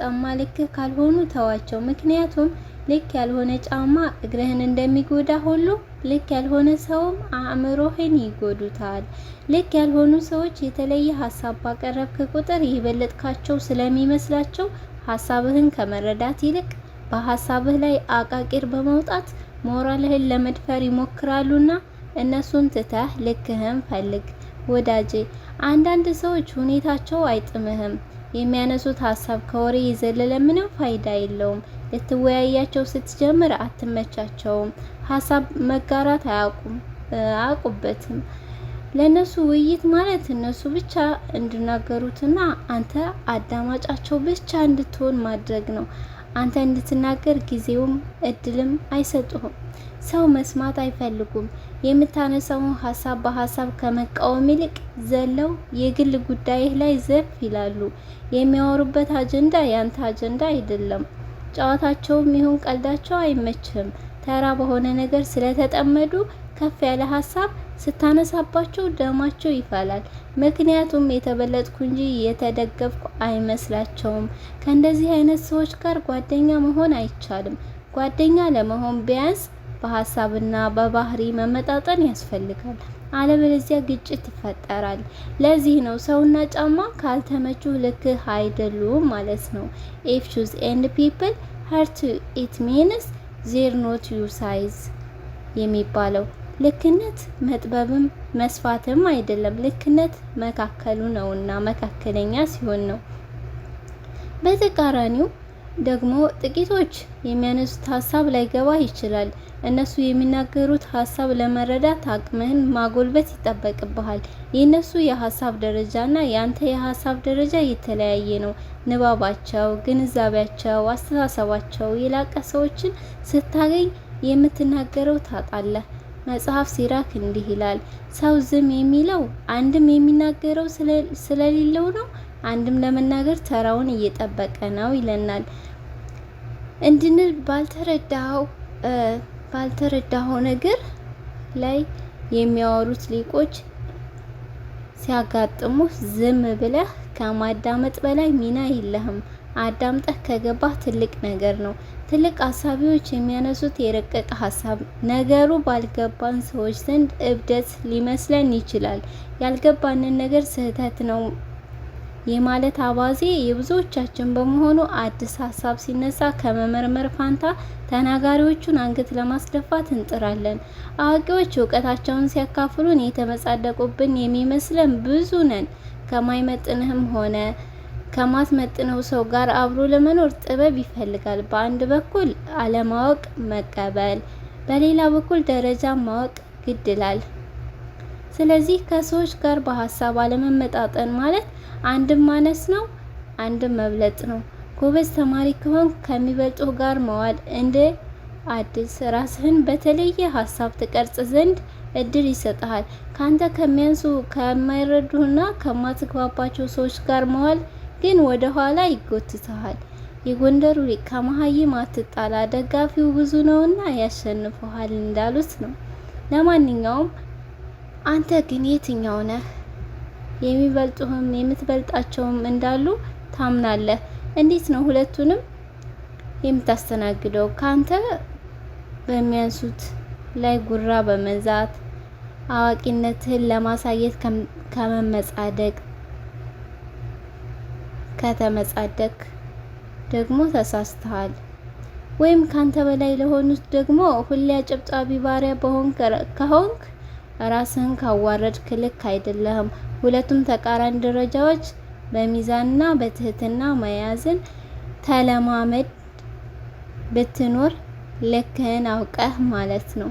ጫማ ልክ ካልሆኑ ተዋቸው። ምክንያቱም ልክ ያልሆነ ጫማ እግርህን እንደሚጎዳ ሁሉ ልክ ያልሆነ ሰውም አእምሮህን ይጎዱታል። ልክ ያልሆኑ ሰዎች የተለየ ሀሳብ ባቀረብክ ቁጥር የበለጥካቸው ስለሚመስላቸው ሀሳብህን ከመረዳት ይልቅ በሀሳብህ ላይ አቃቂር በመውጣት ሞራልህን ለመድፈር ይሞክራሉና እነሱን ትተህ ልክህን ፈልግ ወዳጄ። አንዳንድ ሰዎች ሁኔታቸው አይጥምህም የሚያነሱት ሀሳብ ከወሬ የዘለለ ምንም ፋይዳ የለውም። ልትወያያቸው ስትጀምር አትመቻቸውም። ሀሳብ መጋራት አያውቁም አያውቁበትም። ለእነሱ ውይይት ማለት እነሱ ብቻ እንዲናገሩትና አንተ አዳማጫቸው ብቻ እንድትሆን ማድረግ ነው። አንተ እንድትናገር ጊዜውም እድልም አይሰጡህም። ሰው መስማት አይፈልጉም። የምታነሳውን ሀሳብ በሀሳብ ከመቃወም ይልቅ ዘለው የግል ጉዳይህ ላይ ዘፍ ይላሉ። የሚያወሩበት አጀንዳ ያንተ አጀንዳ አይደለም። ጨዋታቸውም ይሁን ቀልዳቸው አይመችህም። ተራ በሆነ ነገር ስለተጠመዱ ከፍ ያለ ሀሳብ ስታነሳባቸው ደማቸው ይፈላል። ምክንያቱም የተበለጥኩ እንጂ የተደገፍኩ አይመስላቸውም። ከእንደዚህ አይነት ሰዎች ጋር ጓደኛ መሆን አይቻልም። ጓደኛ ለመሆን ቢያንስ በሀሳብና በባህሪ መመጣጠን ያስፈልጋል። አለበለዚያ ግጭት ይፈጠራል። ለዚህ ነው ሰውና ጫማ ካልተመቹ ልክ አይደሉም ማለት ነው። ኢፍ ሹዝ ኤንድ ፒፕል ሀርት ኢት ሚንስ ዜር ኖት ዩ ሳይዝ የሚባለው ልክነት መጥበብም መስፋትም አይደለም። ልክነት መካከሉ ነውና መካከለኛ ሲሆን ነው። በተቃራኒው ደግሞ ጥቂቶች የሚያነሱት ሀሳብ ላይገባ ይችላል። እነሱ የሚናገሩት ሀሳብ ለመረዳት አቅምህን ማጎልበት ይጠበቅብሃል። የእነሱ የሀሳብ ደረጃና የአንተ የሀሳብ ደረጃ የተለያየ ነው። ንባባቸው፣ ግንዛቤያቸው፣ አስተሳሰባቸው የላቀ ሰዎችን ስታገኝ የምትናገረው ታጣለህ። መጽሐፍ ሲራክ እንዲህ ይላል፣ ሰው ዝም የሚለው አንድም የሚናገረው ስለሌለው ነው፣ አንድም ለመናገር ተራውን እየጠበቀ ነው ይለናል። እንድንል ባልተረዳው ባልተረዳኸው ነገር ላይ የሚያወሩት ሊቆች ሲያጋጥሙ ዝም ብለህ ከማዳመጥ በላይ ሚና የለህም። አዳምጠህ ከገባህ ትልቅ ነገር ነው። ትልቅ አሳቢዎች የሚያነሱት የረቀቀ ሀሳብ፣ ነገሩ ባልገባን ሰዎች ዘንድ እብደት ሊመስለን ይችላል። ያልገባንን ነገር ስህተት ነው የማለት አባዜ የብዙዎቻችን በመሆኑ አዲስ ሀሳብ ሲነሳ ከመመርመር ፋንታ ተናጋሪዎቹን አንገት ለማስደፋት እንጥራለን። አዋቂዎች እውቀታቸውን ሲያካፍሉን የተመጻደቁብን የሚመስለን ብዙ ነን። ከማይመጥንህም ሆነ ከማትመጥነው ሰው ጋር አብሮ ለመኖር ጥበብ ይፈልጋል። በአንድ በኩል አለማወቅ መቀበል፣ በሌላ በኩል ደረጃ ማወቅ ግድላል። ስለዚህ ከሰዎች ጋር በሀሳብ አለመመጣጠን ማለት አንድም ማነስ ነው፣ አንድም መብለጥ ነው። ጎበዝ ተማሪ ከሆን ከሚበልጡ ጋር መዋል እንደ አዲስ ራስህን በተለየ ሀሳብ ትቀርጽ ዘንድ እድል ይሰጥሃል። ካንተ ከሚያንሱ ከማይረዱና ከማትግባባቸው ሰዎች ጋር መዋል ግን ወደ ኋላ ይጎትተሃል። የጎንደሩ ሊቅ ከመሀይም አትጣላ ደጋፊው ብዙ ነውና ያሸንፈሃል እንዳሉት ነው። ለማንኛውም አንተ ግን የትኛው ነህ? የሚበልጡህም የምትበልጣቸውም እንዳሉ ታምናለህ። እንዴት ነው ሁለቱንም የምታስተናግደው? ካንተ በሚያንሱት ላይ ጉራ በመንዛት አዋቂነትህን ለማሳየት ከመመጻደቅ ከተመጻደቅ ደግሞ ተሳስተሃል፣ ወይም ካንተ በላይ ለሆኑት ደግሞ ሁሌ አጨብጫቢ ባሪያ በሆንክ ከሆንክ ራስህን ካዋረድክ ልክ አይደለህም። ሁለቱም ተቃራኒ ደረጃዎች በሚዛንና በትህትና መያዝን ተለማመድ። ብትኖር ልክህን አውቀህ ማለት ነው።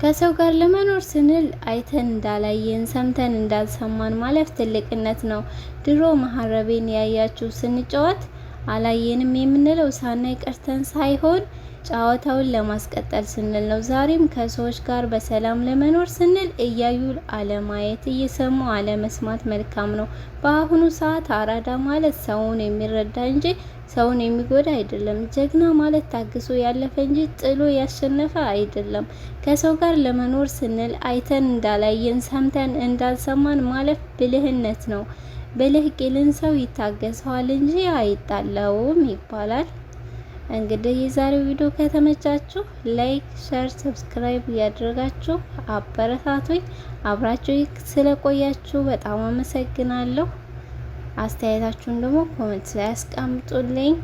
ከሰው ጋር ለመኖር ስንል አይተን እንዳላየን ሰምተን እንዳልሰማን ማለፍ ትልቅነት ነው። ድሮ መሀረቤን ያያችሁ ስንጫወት አላየንም የምንለው ሳናይ ቀርተን ሳይሆን ጨዋታውን ለማስቀጠል ስንል ነው። ዛሬም ከሰዎች ጋር በሰላም ለመኖር ስንል እያዩ አለማየት፣ እየሰሙ አለመስማት መልካም ነው። በአሁኑ ሰዓት አራዳ ማለት ሰውን የሚረዳ እንጂ ሰውን የሚጎዳ አይደለም። ጀግና ማለት ታግሶ ያለፈ እንጂ ጥሎ ያሸነፈ አይደለም። ከሰው ጋር ለመኖር ስንል አይተን እንዳላየን ሰምተን እንዳልሰማን ማለፍ ብልህነት ነው። ብልህ ቂልን ሰው ይታገሰዋል እንጂ አይጣለውም ይባላል። እንግዲህ የዛሬው ቪዲዮ ከተመቻችሁ ላይክ፣ ሸር፣ ሰብስክራይብ እያደረጋችሁ አበረታቱኝ። አብራችሁ ስለቆያችሁ በጣም አመሰግናለሁ። አስተያየታችሁን ደግሞ ኮሜንት ላይ አስቀምጡልኝ።